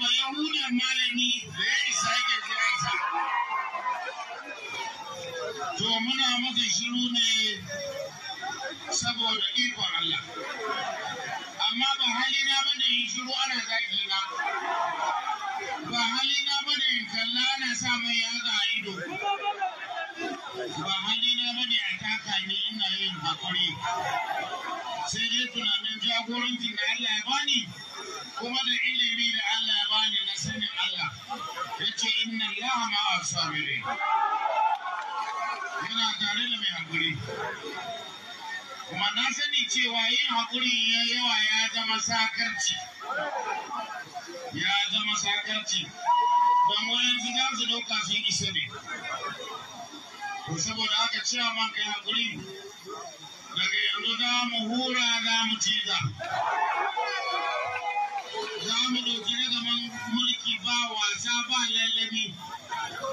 bayahudan malami zai sake jiransa to muna maka shiru ne saboda Allah amma ba halina ba shiru ana ba halina kalla ana sa mai yaga a ido ba halina ba ne a taka ne ina yin hakuri sai dai tunanin jagorancin da Allah ya bani kuma da ilimi da Allah ya bani na sanin Allah ya ce inna Allah ma'a sabire yana tare da mai hakuri kuma na sani cewa yin hakuri ya yawa ya zama sakarci ya zama sakarci don wani za su ɗauka sun isa ne saboda cewa man kai hakuri daga yanzu za mu hura za mu ciza za mu ɗauki ragaman mulki ba wasa ba lallabi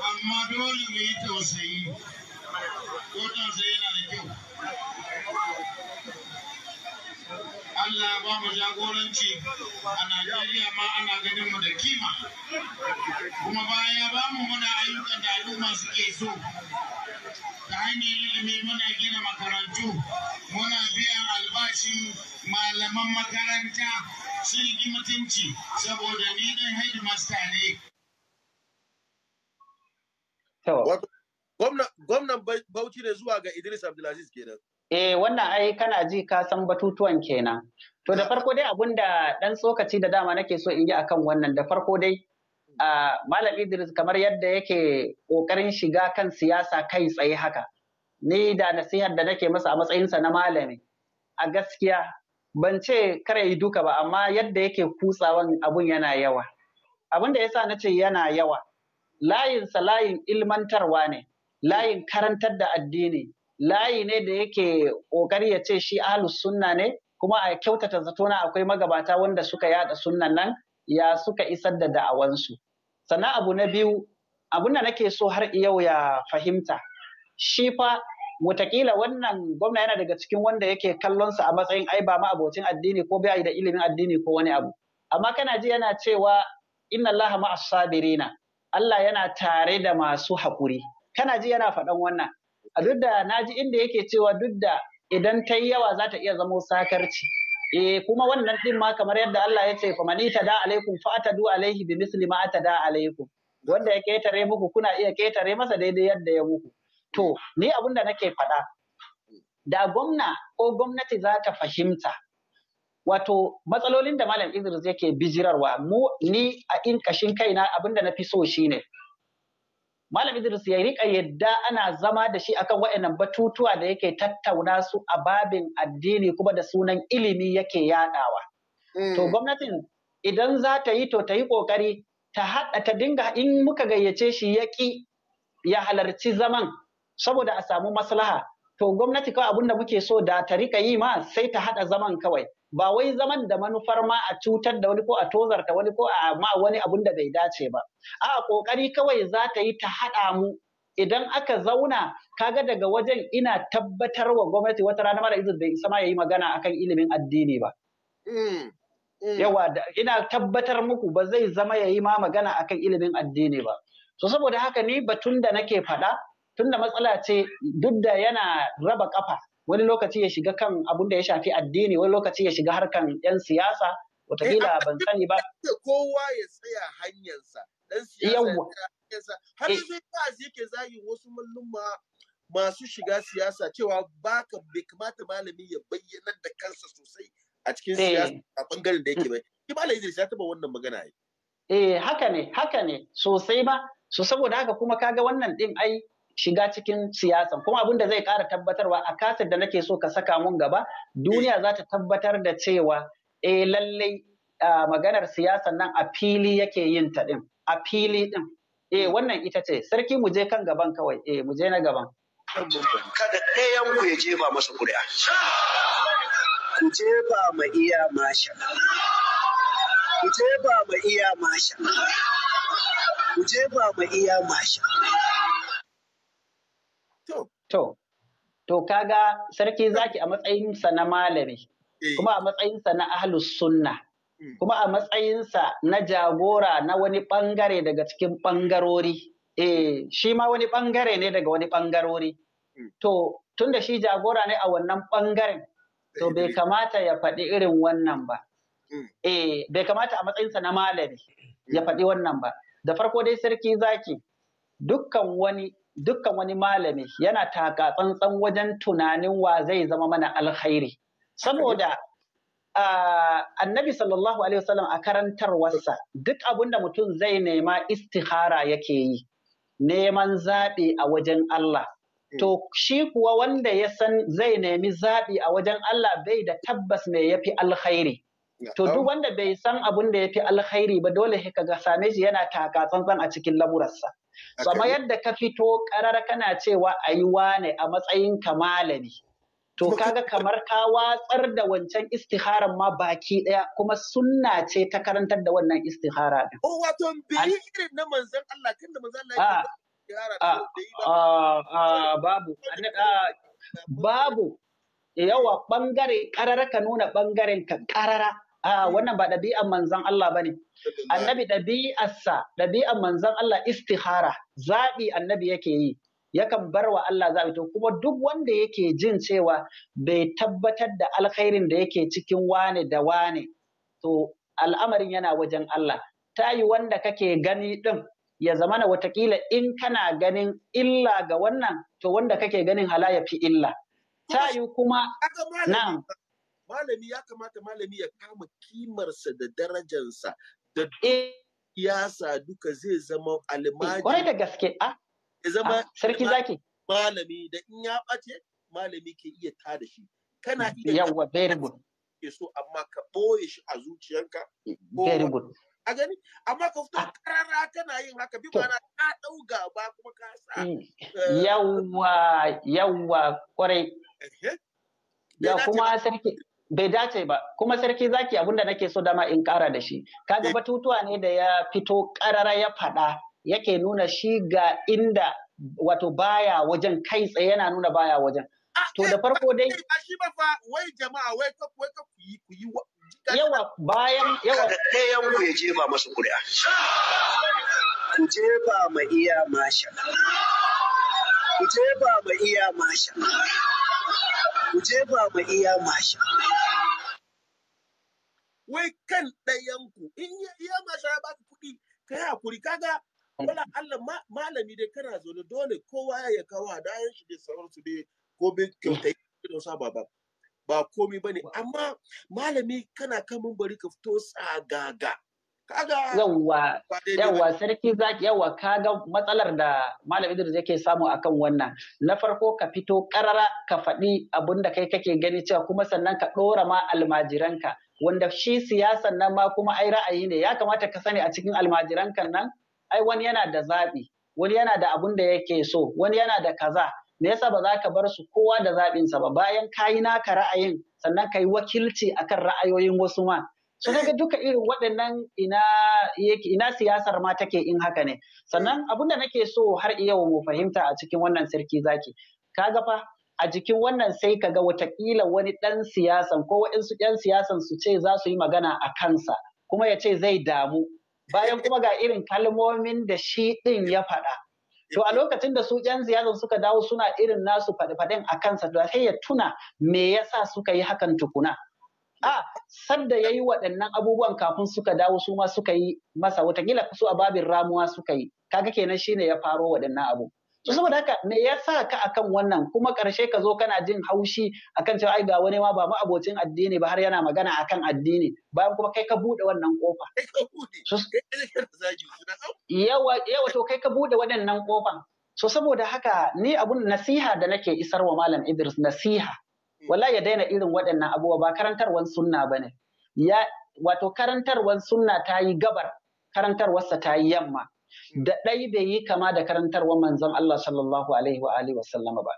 amma dole mu yi tausayi ko tausayi yana da kyau Allah ba mu jagoranci a Najeriya ma ana ganin mu da kima kuma baya ba mu muna ayyukan da al'umma suke so ta hanyar ilimi muna gina makarantu muna biyan albashin malaman makaranta sun yi mutunci saboda ni dan headmaster ne. Gwamnan Bauchi ne zuwa ga Idris Abdulaziz kenan. Eh wannan ai kana ji ka san batutuwan kenan. To da farko dai abun da ɗan tsokaci da dama nake so in yi akan wannan da farko dai Malam Idris kamar yadda yake ƙoƙarin shiga kan siyasa kai tsaye haka. Ni da nasihar da nake masa a matsayinsa na malami. A gaskiya ban ce kare yi duka ba amma yadda yake kutsawan abun yana yawa. Abin da yasa na ce yana yawa. Layinsa layin ilmantarwa ne, layin karantar da addini, layi ne da yake ƙoƙari ya ce shi ahlus sunna ne, kuma a kyautata zato zatona akwai magabata wanda suka yada sunnan nan ya suka isar da da'awansu. sannan abu na biyu abunda da nake so har yau ya fahimta shi fa watakila wannan gwamna yana daga cikin wanda yake kallon sa a matsayin ai ba ma abocin addini ko bai da ilimin addini ko wani abu amma kana ji yana cewa inna Allah ma'as sabirina Allah yana tare da masu hakuri kana ji yana faɗan wannan a duk da naji inda yake cewa duk da idan ta yi yawa za ta iya zamo sakarci eh kuma wannan din ma kamar yadda Allah ya ce famani da alaikum fa ta du alaihi bi misli ma ta da alaikum wanda ya ketare muku kuna iya ketare masa daidai yadda ya muku to ni abin da nake faɗa da gwamna ko gwamnati za ta fahimta wato matsalolin da malam Idris yake bijirarwa mu ni a in kashin kaina abin da na fi so shine Malam Idris ya riƙa yadda ana zama da shi akan wa'annan batutuwa da yake tattauna su a babin addini kuma da sunan ilimi yake yaɗawa. Mm. To gwamnatin idan za ta yi to ta yi ƙoƙari ta haɗa ta dinga in muka gayyace shi ya ya halarci zaman saboda a samu maslaha to gwamnati kawai abinda muke so da ta rika yi ma sai ta haɗa zaman kawai ba wai zaman da manufar ma a cutar da wani ko a tozarta wani ko a ma wani abun da bai dace ba a kokari kawai za ta yi ta haɗa mu idan aka zauna kaga daga wajen ina tabbatar wa gwamnati wata rana mara izin bai sama yayi magana akan ilimin addini ba mm, mm. yawa ina tabbatar muku ba zai zama yayi ma magana akan ilimin addini ba to saboda haka ni batun da nake faɗa tunda matsala ce duk da yana raba kafa wani lokaci ya shiga kan abun da ya shafi addini wani lokaci ya shiga harkan yan siyasa watakila eh, ban sani ba kowa ya tsaya hanyarsa dan siyasa har yanzu eh. ba yake zagi wasu mallumma masu shiga siyasa cewa baka bai kamata malami ya bayyana da kansa sosai a cikin eh. siyasa a bangaren da yake bai ki ba zai ya taba wannan magana ai eh haka ne haka ne sosai ba so saboda haka kuma kaga wannan din ai shiga cikin siyasan kuma abin da zai kara tabbatarwa a kasar da nake so ka saka mun gaba duniya za ta tabbatar da cewa e lallai maganar siyasan nan a fili yake yin ta din a fili din eh wannan ita ce sarki mu je kan gaban kawai eh mu je na gaban kada ɗayan ku ya jefa masa ƙuri'a ku jefa ma iya masha ku jefa ma iya masha ku jefa ma iya masha To, to kaga sarki zaki a matsayinsa na malami, eh. kuma a matsayinsa na ahlus sunna, hmm. kuma a matsayinsa na jagora na wani bangare daga cikin ɓangarori. Eh, shi ma wani ɓangare ne daga wani ɓangarori. Hmm. To, tun da shi jagora ne a wannan ɓangaren, to eh. bai kamata ya faɗi irin wannan ba. Hmm. Eh, bai kamata a matsayinsa na malami ya faɗi wannan ba. Da farko dai sarki zaki, dukkan wani dukkan wani malami yana taka tsantsan wajen tunanin wa zai zama mana alkhairi saboda annabi sallallahu alaihi wasallam a karantarwarsa duk abin da mutum zai nema istihara yake yi neman zaɓi a wajen Allah hmm. to shi kuwa wanda ya san zai nemi zaɓi a wajen Allah bai da tabbas me yafi alkhairi to duk um. wanda bai san abin da yafi alkhairi ba dole ka ga same shi yana taka tsantsan a cikin laburarsa Sama yadda ka fito ƙarar kana cewa a yi wane a matsayin kamalani malami. To kaga kamar ka watsar da wancan istiharar ma baki ɗaya kuma sunna ce ta karantar da wannan istihara ɗin. Oh wato bai irin na manzon Allah kan da manzon Allah ya ah. ah, ah, babu babu yawa bangare ƙarar ka nuna bangaren ka ƙarara Aa wannan ba ɗabi'an manzon Allah bane annabi ɗabi'arsa ɗabi'an manzon Allah istihara zaɓi annabi yake yi yakan bar wa Allah zaɓi to kuma duk wanda yake jin cewa bai tabbatar da alkhairin da yake cikin wane da wane to al'amarin yana wajen Allah ta yi wanda kake gani ɗin ya zamana watakila in kana ganin illa ga wannan to wanda kake ganin hala ya fi illa ta yi kuma nan. malami ya kamata malami ya kama kimarsa da darajarsa da eh. yasa duka zai zama eh, almaji. Kwarai da gaske, a? Ah, ya zama ah, sarki zaki. Malami da in ya ɓace, malami ke iya ta da shi. Kana mm, iya yawa very good. Ke so amma ka ɓoye shi a zuciyanka. Eh, very good. A gani, amma ka fito karara ah. kana yin haka bi mana ka ɗau gaba kuma ka sa. Mm. Yawa, yawa, kwarai. Ya kuma sarki, bai dace ba kuma sarki zaki abinda nake so dama in kara da shi kaga eh. batutuwa ne da ya fito karara ya fada yake nuna shi ga inda wato baya wajen kai tsaye yana nuna baya wajen ah, to da eh, farko dai shi ba fa wai jama'a wai ka wai ka ku yi ku yi yawa bayan yawa ɗayan mu ya jefa masu kuri'a ku jefa ma iya masha ku jefa ma iya masha ku jefa ma iya masha. Wai kan ɗayanku, in iya masha ya baka kuɗi, ka yi hakuri, kaga wala Allah malami dai kana zaune dole kowa ya kawo hadayen shi da sauransu dai ko bin kyautai da sa ba ba komi bane amma malami kana kan bari ka fito tsagaga yawwa yawwa sarki zaki yawwa kaga matsalar da malam Idris yake samu akan wannan na farko ka fito karara ka faɗi abin da kai kake gani cewa kuma sannan ka ɗora ma almajiranka wanda shi siyasan nan ma kuma ai ra'ayi ne ya kamata ka sani a cikin almajiranka nan ai wani yana da zaɓi wani yana da abun da yake so wani yana da kaza me yasa ba za ka bar su kowa da zaɓinsa ba bayan ka yi naka ra'ayin sannan ka yi wakilci akan ra'ayoyin wasu ma so kaga duka irin waɗannan ina siyasar ma take in haka ne sannan abinda nake so har yau mu fahimta a cikin wannan sarki zaki ga fa a jikin wannan sai ka ga watakila wani ɗan siyasan ko waɗansu ɗan siyasan su ce za su yi magana a kansa kuma ya ce zai damu bayan kuma ga irin kalmomin da shi ɗin ya faɗa To a lokacin da su ƴan siyasan suka dawo suna irin nasu faɗe-faɗen a kansa to sai ya tuna me yasa suka yi hakan tukuna. a ah, sanda yayi waɗannan abubuwan kafin suka dawo su ma suka yi masa watakila su a babin ramuwa suka yi kaga kenan shine ya faro waɗannan abu to saboda haka me ya sa ka akan wannan kuma ƙarshe ka zo kana jin haushi akan cewa ai ga wani ma ba ma abocin addini ba har yana magana akan addini bayan kuma kai ka bude wannan kofa yawa yawa to kai ka bude waɗannan kofan so saboda haka ni abun nasiha da nake isarwa malam Idris nasiha wallahi ya daina irin waɗannan abubuwa ba karantarwar sunna ba ne. wato karantarwar sunna ta yi gabar karantarwarsa ta yi yamma da ɗai bai yi kama da karantarwar manzon Allah sallallahu alaihi wa alihi wasallama ba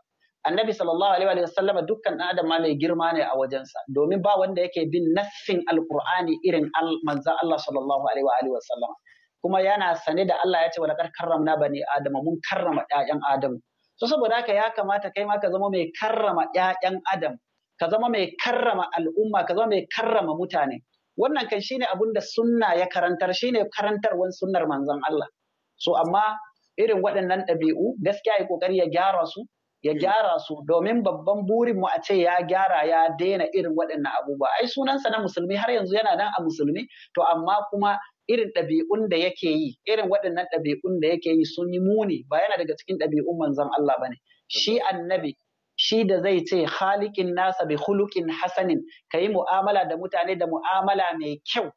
annabi sallallahu alaihi wa sallama dukkan ɗan adam mai girma ne a wajensa domin ba wanda yake bin nassin alqur'ani irin manzon Allah sallallahu alaihi wa alihi wasallama kuma yana sane da Allah ya ce wa laqad karramna bani adama mun karrama ƴaƴan adam to saboda haka ya kamata kai ma ka zama mai karrama ƴaƴan adam ka zama mai karrama al'umma ka zama mai karrama mutane wannan kan shine abun da sunna ya karantar shine karantarwan sunnar manzon Allah so amma irin waɗannan ɗabi'u gaskiya ya kokari ya gyara su ya gyara su domin babban burin mu a ce ya gyara ya daina irin waɗannan abubuwa ai sunansa na musulmi har yanzu yana nan a musulmi to amma kuma irin ɗabi'un da yake yi irin waɗannan ɗabi'un da yake yi sun yi muni ba yana daga cikin ɗabi'un manzon Allah bane shi annabi shi da zai ce halikin nasa bi hulukin hasanin kayi mu'amala da mutane da mu'amala mai kyau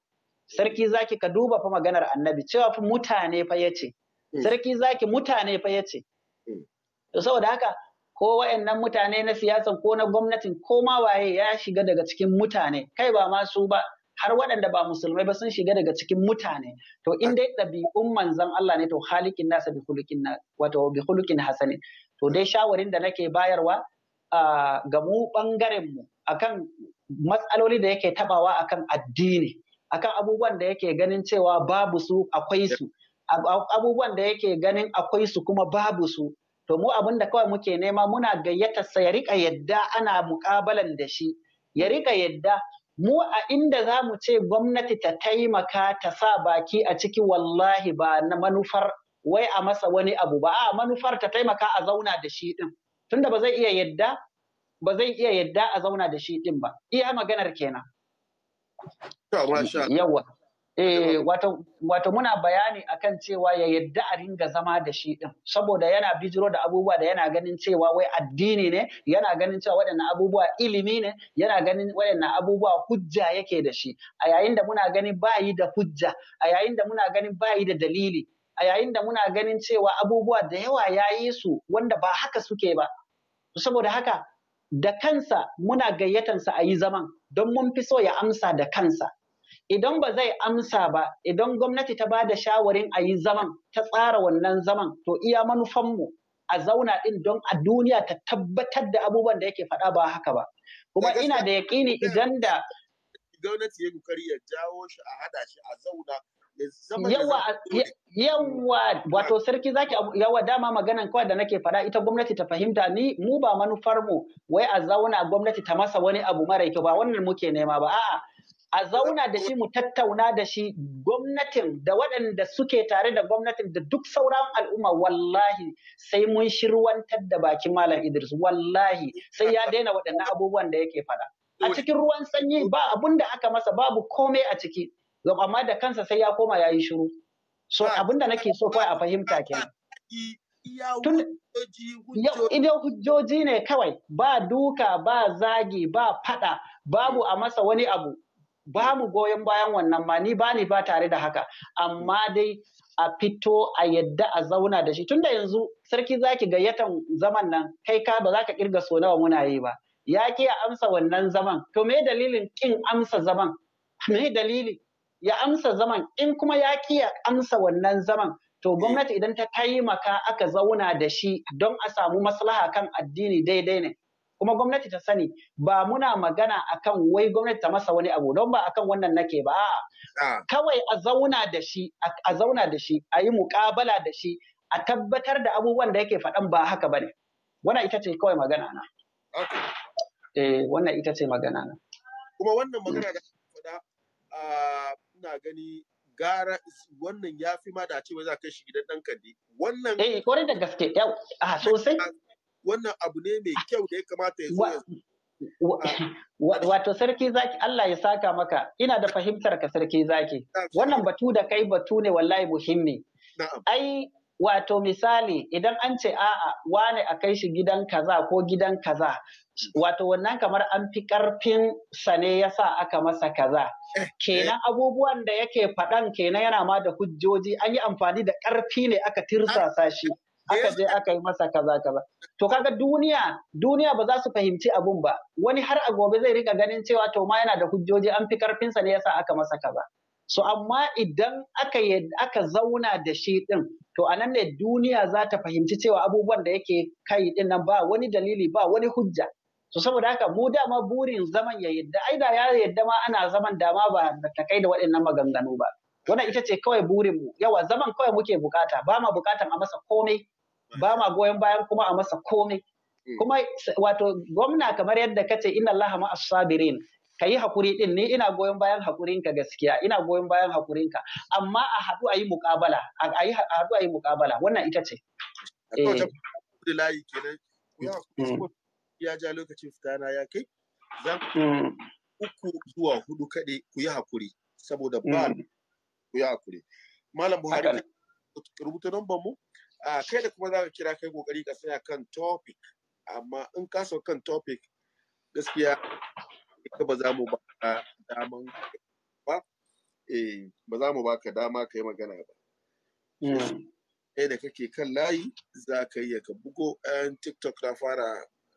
sarki zaki ka duba fa maganar annabi cewa fa mutane fa yace mm. sarki zaki mutane fa yace mm. to saboda haka ko wayannan mutane na siyasan ko na gwamnatin ko ma waye ya shiga daga cikin mutane kai ba ma su ba har waɗanda ba musulmai ba sun shiga daga cikin mutane to in dai ɗabi'un manzon Allah ne to halikin nasa bi hulukin wato bi hulukin hasani to dai shawarin da nake bayarwa ga mu ɓangaren mu akan matsaloli da yake tabawa akan addini akan abubuwan da yake ganin cewa babu su akwai su abubuwan da yake ganin akwai su kuma babu su to mu abin da kawai muke nema muna gayyatar sa ya riƙa yadda ana muƙabalan da shi ya riƙa yadda mu a inda za mu ce gwamnati ta taimaka ta sa baki a ciki wallahi ba na manufar wai a masa wani abu ba a manufar ta taimaka a zauna da shi din tunda ba zai iya yadda ba zai iya yadda a zauna da shi din ba iya maganar kenan yawa Eh, wato, muna bayani akan cewa ya yadda a ringa zama da shi din. saboda yana bijiro da abubuwa da yana ganin cewa wai addini ne, yana ganin cewa waɗannan abubuwa ilimi ne, yana ganin waɗannan abubuwa hujja yake da shi, a yayin da muna ganin bayi da hujja, a yayin da muna ganin bayi da dalili, a yayin da muna ganin cewa abubuwa da yawa ya yi su wanda ba haka suke ba. Saboda haka, da kansa muna gayyatansa a yi zaman, don mun fi so ya amsa da kansa. idan ba zai amsa ba idan gwamnati ta ba da shawarin a yi zaman ta tsara wannan zaman to iya manufanmu a zauna ɗin don a duniya ta tabbatar da abubuwan da yake faɗa ba haka ba kuma ina da yaƙini idan da gwamnati ya kokari ya jawo shi a hada shi a zauna yawa yawa wato sarki zaki yawa dama maganan kawai da nake faɗa ita gwamnati ta fahimta ni mu ba manufarmu wai a zauna gwamnati ta masa wani abu mara kyau ba wannan muke nema ba a'a a zauna da shi mu tattauna da shi gwamnatin da waɗanda suke tare da gwamnatin da duk sauran al'umma wallahi sai mun shirwantar da bakin malam Idris wallahi sai ya daina waɗannan abubuwan da yake faɗa a cikin ruwan sanyi ba abun da aka masa babu komai a ciki amma da kansa sai ya koma yayi shiru so abun da nake so kawai a fahimta kenan tun idan hujjoji ne kawai ba duka ba zagi ba fada babu a masa wani abu ba mu goyon bayan wannan ma ni ba ni ba tare da haka amma dai a fito a yadda a zauna da shi tunda yanzu sarki zaki yatan zaman nan kai ka ba za ka kirga so nawa muna yi ba ya ki ya amsa wannan zaman to me dalilin kin amsa zaman me dalili ya amsa zaman in kuma ya ki ya amsa wannan zaman to gwamnati idan ta taimaka aka zauna da shi don a samu maslaha kan addini daidai ne kuma gwamnati ta sani ba muna magana akan wai gwamnati ta masa wani abu don ba akan wannan nake ba a kawai a zauna da shi a zauna da shi a yi muƙabala da shi a tabbatar da abubuwan da yake faɗan ba haka bane wannan ita ce kawai magana na eh wannan ita ce magana na kuma wannan magana da faɗa ina gani gara wannan ya fi ma da ce wai za ka shi gidan ɗan kandi wannan eh kore da gaske yau a sosai wannan abu ne mai kyau da ya kamata ya zo ah. Wato sarki zaki Allah ya saka maka ina da fahimtar ka sarki zaki wannan batu da kai batu ne wallahi muhimmi ai wato misali idan an ce a'a wane a kai shi gidan kaza ko gidan kaza wato wannan kamar an fi karfin sa ne yasa aka masa kaza eh, kenan eh. abubuwan da yake faɗan kenan yana ma da hujjoji an yi amfani da ƙarfi ne aka tirsasa shi aka je aka yi masa kaza kaza to kaga duniya duniya ba za su fahimci abun ba wani har a gobe zai rika ganin cewa to ma yana da hujjoji an fi karfin sa ne yasa aka masa kaza so amma idan aka aka zauna da shi din to anan ne duniya za ta fahimci cewa abubuwan da yake kai din nan ba wani dalili ba wani hujja so saboda haka mu dama burin zaman ya yadda ai da ya yadda ma ana zaman dama ba ta kai da waɗannan maganganu ba wannan ita ce kawai burinmu yawa zaman kawai muke bukata ba ma bukatan a masa komai ba ma goyon bayan kuma a masa komai hmm. kuma wato gwamna kamar yadda kace inna allaha ma as-sabirin kayi hakuri din ni ina goyon bayan ka gaskiya ina goyon bayan ka amma a haɗu a yi a yi haɗu a yi mukabala wannan ita ce eh. kenan, hmm. ya ja lokacin fitana ya kai zan hmm. uku zuwa hudu kade ku yi hakuri saboda ba ku yi hakuri malam buhari rubuta number mu kai da kuma zaka kira kai kokari ka tsaya kan topic amma in ka sau kan topic gaskiya ka ba za mu ba ka daman ba eh ba za mu ba ka dama ka yi magana ba hmm. kai da kake kan layi za ka iya ka bugo yan eh, tiktok na fara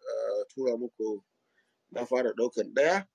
eh, tura muku na fara ɗaukan ɗaya